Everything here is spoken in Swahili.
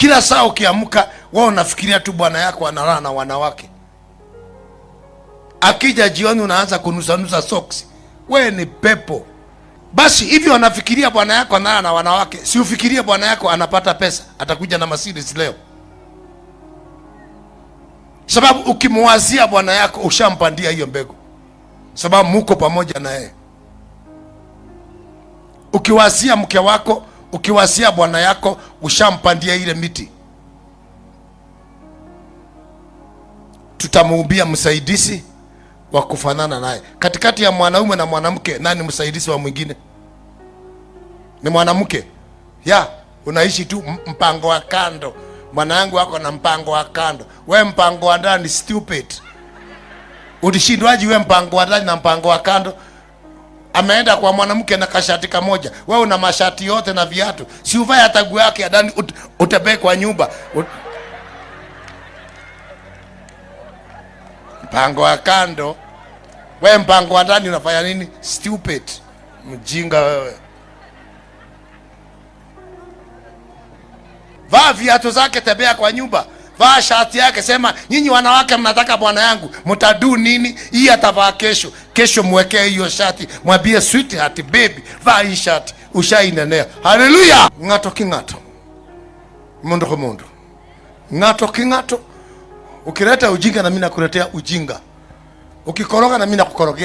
Kila saa ukiamka, wao unafikiria tu bwana yako analala na wanawake, akija jioni unaanza kunusanusa socks, we ni pepo. Basi hivyo anafikiria bwana yako analala na wanawake, si ufikirie bwana yako anapata pesa, atakuja na masiri leo, sababu ukimwazia bwana yako ushampandia hiyo mbegu, sababu muko pamoja na yeye. Ukiwazia mke wako Ukiwasia bwana yako ushampandia ile miti. tutamuumbia msaidizi wa kufanana naye. Katikati ya mwanaume na mwanamke, nani msaidizi wa mwingine? Ni mwanamke ya unaishi tu mpango wa kando. Mwanangu wako na mpango wa kando, we mpango wa ndani stupid. Ulishindwaji we mpango wa ndani na mpango wa kando? ameenda kwa mwanamke na kashati kamoja, wewe una mashati yote na viatu, si uvae hata nguo yake ya ndani, utembee kwa nyumba ut... mpango wa kando, we mpango wa ndani unafanya nini? Stupid mjinga wewe. Vaa viatu zake, tebea kwa nyumba vaa shati yake, sema nyinyi wanawake mnataka bwana yangu, mtadu nini? Hii atavaa kesho, kesho mwekee hiyo shati, mwambie sweetheart, baby, vaa hii shati, ushainenea. Haleluya! ng'ato king'ato, mundu kwa mundu, ng'ato king'ato. Ukileta ujinga, nami nakuletea ujinga. Ukikoroga, nami nakukorogea.